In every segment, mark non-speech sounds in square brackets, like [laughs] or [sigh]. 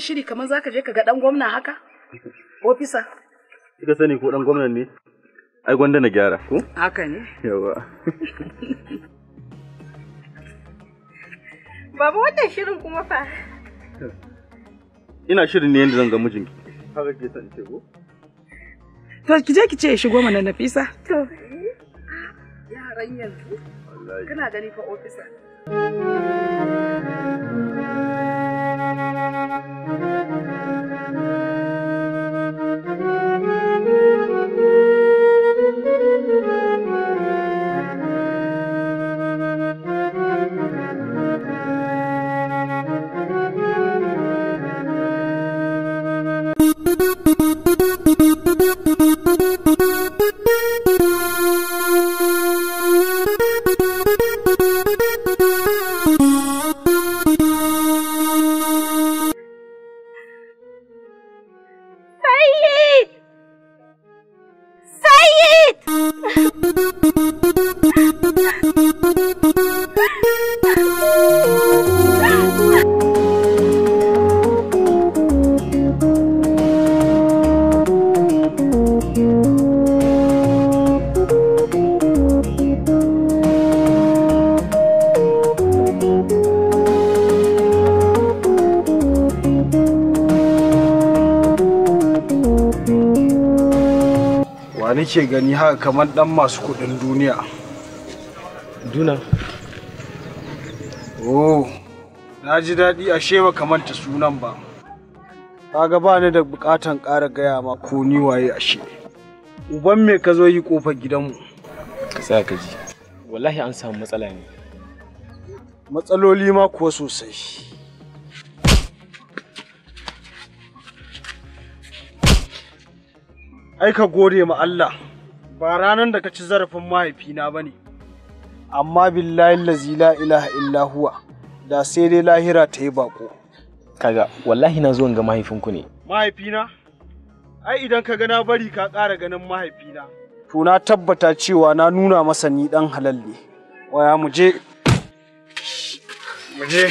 shiri kamar za ka je ka ga ɗan gwamna haka? Ofisa? ika sani ko ɗan gwamna ne? Ai gwanda na gyara, ko? Haka ne. Yawa. [laughs] Baba wannan shirin kuma fa. Ina shirin ne yadda zan ga mijinki. Haka ke san ce ko? To ki je ki ce shigo mana Nafisa. To. Yaran yanzu. Kana gani fa ofisa. kake gani haka kamar dan masu kudin duniya duna oh na ji daɗi ashe ba ta sunan ba kaga ba ni da bukatan ƙara gaya ma ko ni waye ashe uban me ka zo yi kofar gidanmu ka sa ka ji wallahi an samu matsala ne matsaloli ma kuwa sosai ai ka gode ma Allah ba ranar da ka ci zarafin mahaifina ba ne amma billahi lazi la ilaha illa huwa da sai dai lahira ta yi bako kaga wallahi na zo ga mahaifinku ne mahaifina ai idan ka gana bari ka ƙara ganin mahaifina to na tabbata cewa na nuna masa ni dan halalle. ne waya mu je mu je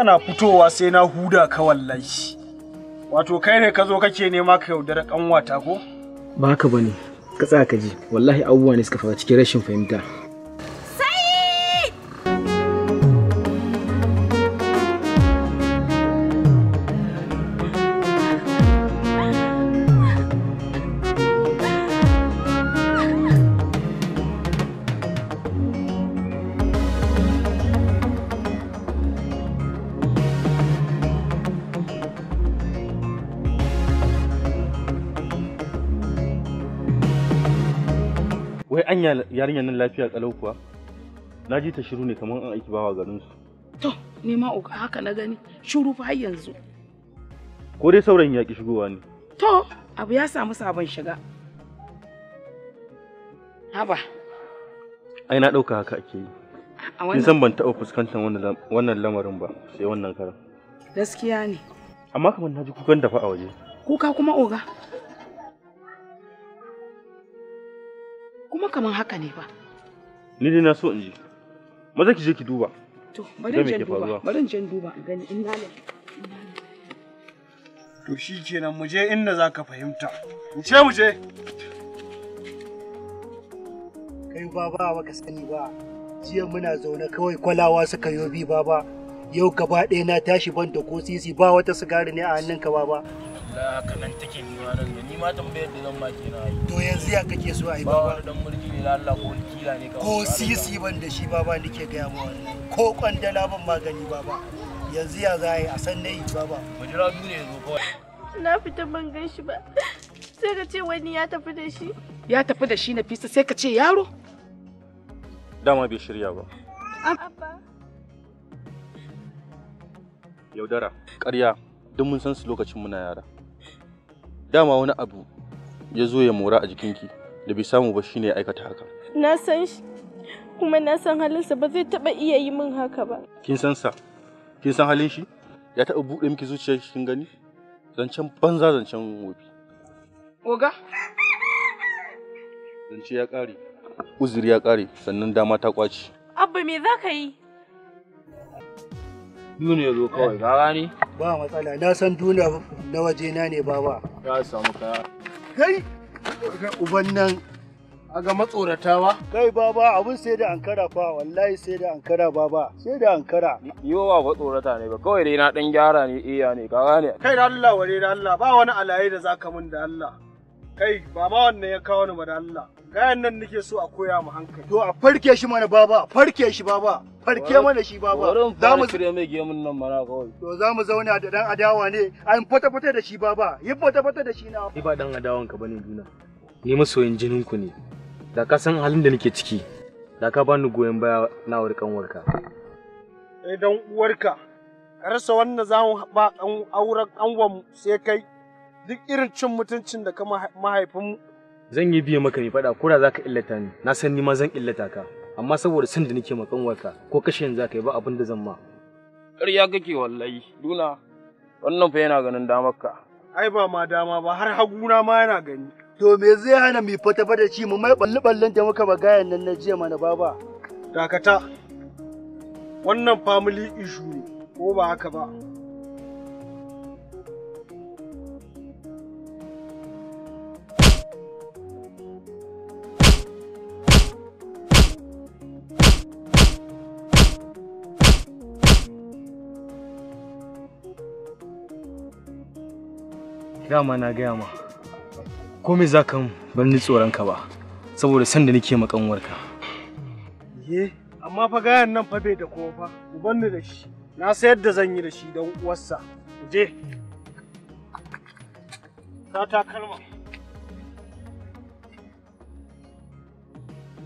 kana fitowa sai na huda ka wallahi. Wato kai ne ka zo kake nema ka yaudara kanwata ko? Ba ka bane, ka tsaya ka ji, wallahi abubuwa ne suka faru cikin rashin fahimta. wai an yarinyar nan lafiya kalau kuwa na ji ta shiru ne kamar an aiki bawa garin su to ni ma uka haka na gani shiru fa har yanzu ko dai sauran ya shigowa ne to abu ya samu sabon shiga haba ai na ɗauka haka ake yi in san ban taɓa fuskantar wannan lamarin ba sai wannan karan gaskiya ne amma kamar na ji kukan dafa a waje kuka kuma oga kuma kaman haka ne ba ni dai na so in ji maza ki je ki duba to bari in duba bari in duba in gani in to shi kenan mu je inda za ka fahimta mu ce mu je kai baba baka sani ba jiya muna zaune kawai kwalawa suka yobi baba yau gaba ɗaya na tashi ban da ko sisi ba wata sigari ne a hannunka baba la kanan take ni ma nan ni ma tambayar da zan ma kenan to yanzu ya kake so ai baba ba dan mulki ne la Allah ko kila ne kawai ko sisi ban da shi baba nake ga mu ko kwandala ban magani baba yanzu ya za a san dai baba mu jira duniya zo kawai na fita ban gan shi ba sai ka ce wani ya tafi da shi ya tafi da shi na fisa sai ka ce yaro dama bai shirya ba abba yaudara ƙarya duk mun san su lokacin muna yara dama wani abu ya zo ya mora a jikinki da bai samu ba shine ya aikata haka na san shi kuma na san halinsa ba zai taba iya yi min haka ba kin san sa kin san halin shi ya taba buɗe miki zuciyar kin gani zancen banza zancen wofi oga zance ya ƙare uzuri ya ƙare sannan dama ta ƙwace abba me za ka yi Duniya zo kawai, ga gani? ba matsala na san duniya na waje na ne baba ya samu kaya kai uban nan aga matsoratawa kai baba abun sai da ankara fa wallahi sai da ankara baba sai da ankara yo ba tsorata ne ba kawai dai na dan gyara ne iya ne ka gane kai da Allah ware da Allah ba wani alaye da zaka mun da Allah kai ba wannan ya kawo ni ba da Allah gayan nan nake so a koya mu hankali to a farke shi mana baba farke shi baba farke mana shi baba za mu kire mai gemun nan mara kawai to za mu zauna da dan adawa ne a yi fata fata da shi baba yi fata fata da shi na ni ba dan adawan ka bane juna ni masoyin jinin ku ne da ka san halin da nake ciki da ka bani goyon baya na warkan warka eh dan uwarka rasa wannan za mu ba auren angon sai kai duk irin cin mutuncin da ka mahaifin zan yi biye maka mai faɗa za zaka illata ni na san ni ma zan illata ka amma saboda san da nake makan warka ko kashe yanzu zaka yi ba abin da zan ma ƙarya kake wallahi duna wannan fa yana ganin damar ka ai ba ma dama ba har haguna ma yana gani to me zai hana mai fata fata ci mu mai balli balle da muka bagayan nan na jiya mana baba dakata wannan family issue ne ko ba haka ba dama na gaya ma komai za ka bar ni tsoronka ka ba saboda san da nake makanwarka ye amma fa gayan nan fa bai da kowa fa ku bar ni da shi na sayar da zan yi da shi don uwarsa je ta takalma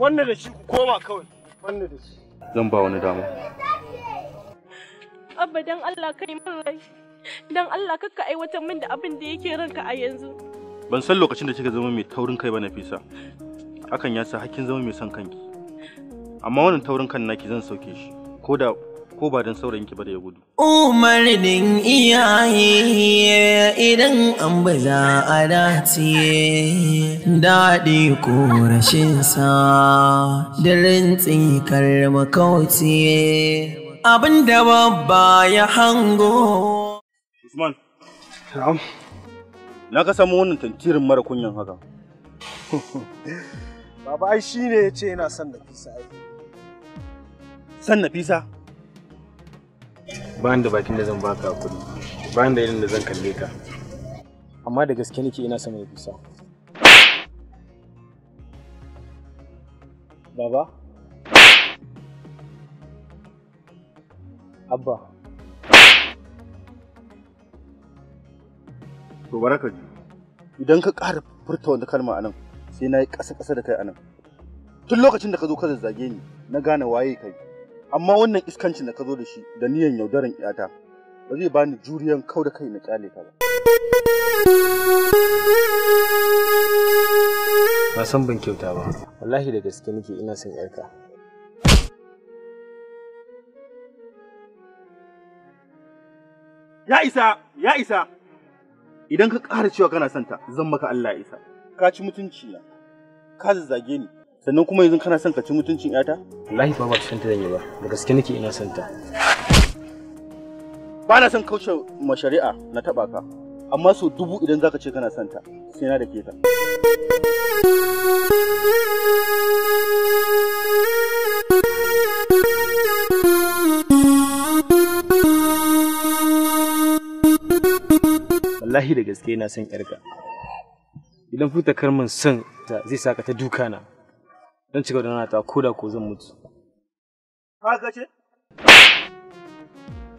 wannan da shi ku koma kawai wannan da shi zan ba wani dama abba dan Allah kai min rai Dan Allah kakka aiwatar min da abin da yake ranka a yanzu. Ban san lokacin da kika zama mai taurin kai ba Nafisa. Hakan ya sa hakkin zama mai son kanki. Amma wannan taurin kan naki zan sauke shi. Ko ko ba don ki ba da ya gudu. Umarnin iyaye idan an baza a dace daɗi ko rashin sa da rintsi abin da babba ya hango. Usman. Na'am. Na ka samu wannan tantirin mara kunyan haka. [laughs] Baba ai shine ne ya ce yana son Nafisa ai. Son Nafisa? Ba da bakin da zan baka kuɗi. Ba da irin da zan kalle ka. Amma da gaske nake ina son Nafisa. Baba? Abba. to baraka ji idan ka ƙara furta wani kalma anan sai na yi ƙasa ƙasa da kai anan tun lokacin da ka zo ka zazzage ni na gane waye kai amma wannan iskancin da ka zo da shi da niyan yaudaran iyata ba zai bani juriyan kau da kai na kyale ka ba ba san ban kyauta ba wallahi da gaske nake ina son yarka ya isa ya isa Idan ka ƙara cewa kana son ta, zan maka Allah isa. Ka ci mutunci na, ka zazzage ni, sannan kuma yanzu kana son ka ci mutuncin ƴata? Wallahi ba ba ta zanyi ba, da gaske nake ina santa. ta. Ba na son kauce ma shari'a na taba ka, amma so dubu idan zaka ce kana son ta, sai na da ke ta. wallahi da gaske yana son yarka idan futa karmin son ta zai saka ta duka na don cika da ta ko da ko zan mutu ka ce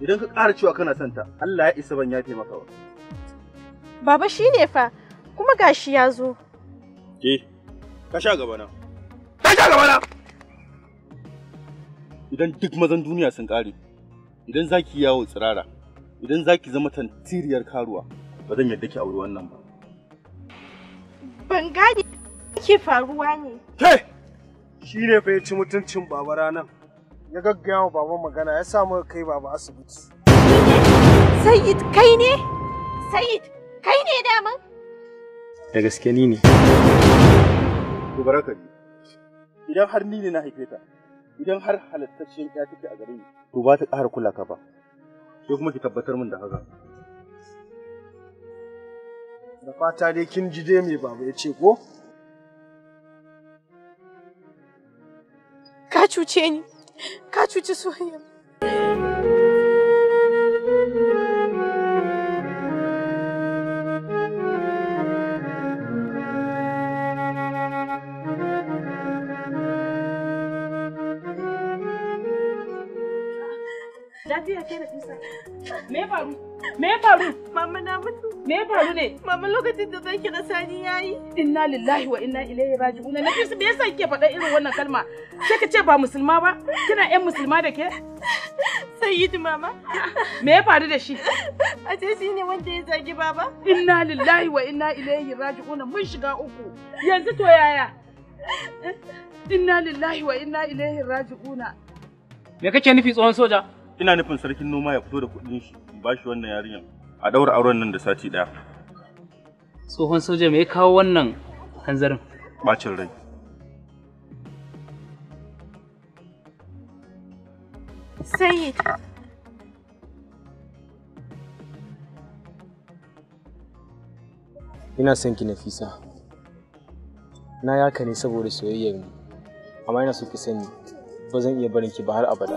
idan ka ƙara cewa kana son ta Allah ya isa ban ya taimaka ba baba shine fa kuma gashi ya zo ke eh, ka sha gaba na ka sha gaba na idan duk mazan duniya sun ƙare idan zaki yawo tsirara idan zaki zama tantiriyar karuwa ba zan yadda ki auri wannan ba ban gane ke faruwa ne ke shi ne fa ya ci mutuncin baba ranan ya gaggaya wa baba magana ya samu kai baba asibiti sayid kai ne sayid kai ne daman da gaske ni ne Ku baraka idan har ni ne na haife ta idan har halittacciyar ya take a gare ni to ba ta ƙara kula ka ba sai kuma ki tabbatar min da haka Da fata dai kin ji dai me baba ya ce ko? Ka cuce ni, ka cuci soyayya. Lafiya Me faru? Me ya faru? Mama na mutu. Me ya faru ne? Mama lokacin da zai kira sani yayi. Inna lillahi wa inna ilaihi raji'un. Na kisa me yasa kike faɗa irin wannan kalma? Sai ka ce ba musulma ba? Kina ƴan musulma da ke? Sayyidu mama. Me ya faru da shi? A ce shi ne wanda ya zagi baba. Inna lillahi wa inna ilaihi raji'un. Mun shiga uku. Yanzu to yaya? Inna lillahi wa inna ilaihi raji'un. Me kake nufi tsohon soja? Ina nufin sarkin noma ya fito da kuɗin shi. ba wannan yarinyar a ɗaura auren nan da sati ɗaya. Tsohon soja mai kawo wannan hanzarin? Bacin rai. Ina son ki Nafisa. Na yaka ne saboda soyayyar mu. Amma yana so ki sani ba zan iya barin ki ba har abada.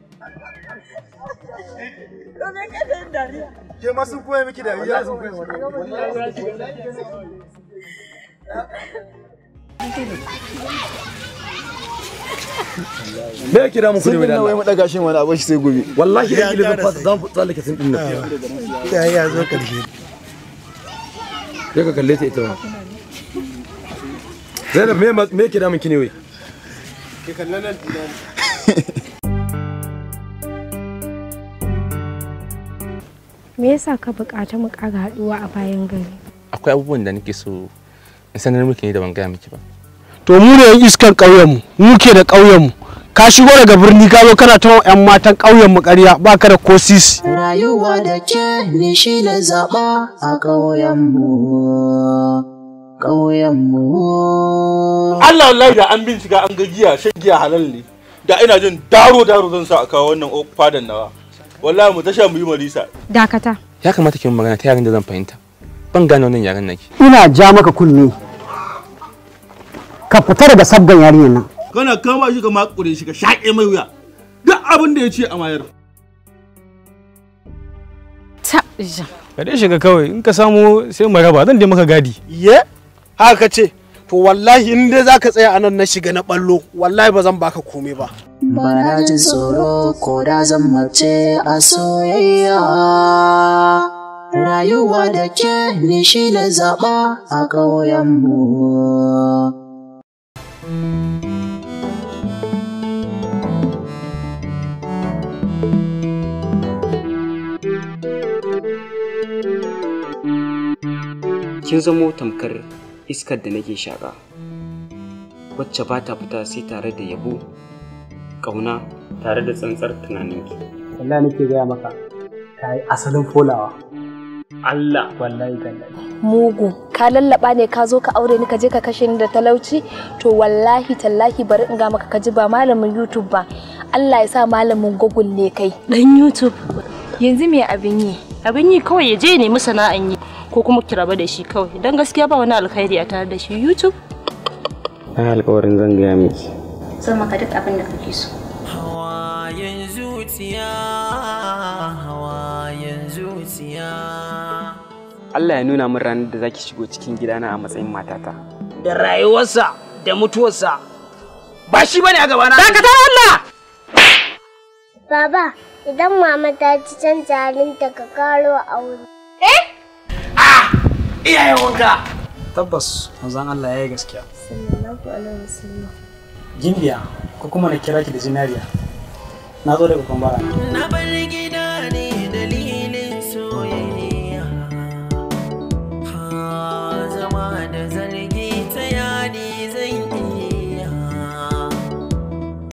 Domin kada yin dariya. Ke ma sun koya miki dariya sun Me yake damu kudi mai dalla? mu daga shin wani abu shi sai gobe. Wallahi da ido fasa zan tsallake sun dinnan. Ya ya zo karshe. Ya ka kalle ta ita ma. Zainab me me yake damun ki ne wai? Ke kallon nan me yasa ka bukata mu kara haɗuwa a bayan gari akwai abubuwan da nake so in sanar miki ne da ban gaya miki ba to mu ne iskan ƙauyenmu mu ke da ƙauyenmu ka shigo daga birni ka zo kana tawo yan matan ƙauyen mu ƙarya ba ka da ko sisi rayuwa da ke ni shi na zaba a ƙauyenmu ƙauyenmu Allah wallahi da an bincika an ga shan giya halal ne da ina jin daro daro zan sa a kawo wannan fadan nawa wallahi mu tasha mu yi marisa dakata ya kamata ki magana ta yarin da zan fahimta ban gane wannan yaren naki ina ja maka kunne ka fita daga sabgan yarinyar nan kana kama shi ka makure shi ka shaƙe mai wuya duk abin da ya ce a mayar ja ka dai shiga kawai in ka samu sai mu raba zan dai maka gadi ye haka ce to wallahi in dai zaka tsaya anan na shiga na ballo wallahi ba zan baka komai ba bana jin tsoro ko da zan mace a soyayya rayuwa da ke ne shi na zaɓa a ƙauyenmu. Kin zamo tamkar iskar da nake shaƙa, wacce ba ta fita sai tare da yabo ƙauna tare da tsantsar tunaninki. ne nake gaya maka, ta yi asalin folawa. Allah wallahi tallahi. Mugu, ka lallaba ne ka zo ka aure ni ka je ka kashe ni da talauci, to wallahi tallahi bari in ga maka ka ji ba malamin YouTube ba. Allah ya sa malamin Google ne kai. Dan YouTube. Yanzu me abin yi? Abin yi kawai ya je nemi sana'an yi ko kuma ki raba da shi kawai. Dan gaskiya ba wani alkhairi a tare da shi YouTube. Ai alƙawarin zan gaya miki. zan maka duk abin da kake so hawayen zuciya hawayen zuciya Allah ya nuna min ranar da zaki shigo cikin gidana a matsayin matata da rayuwarsa da mutuwarsa ba shi bane a gabana dakatar Allah baba idan mama ta ci canza ta, ka karo a wuri. eh ah iyayen wanka tabbas Wanzan Allah ya yi gaskiya sallallahu alaihi wasallam gimbiya ko kuma na kira ki da zinariya na zo daga kwambara na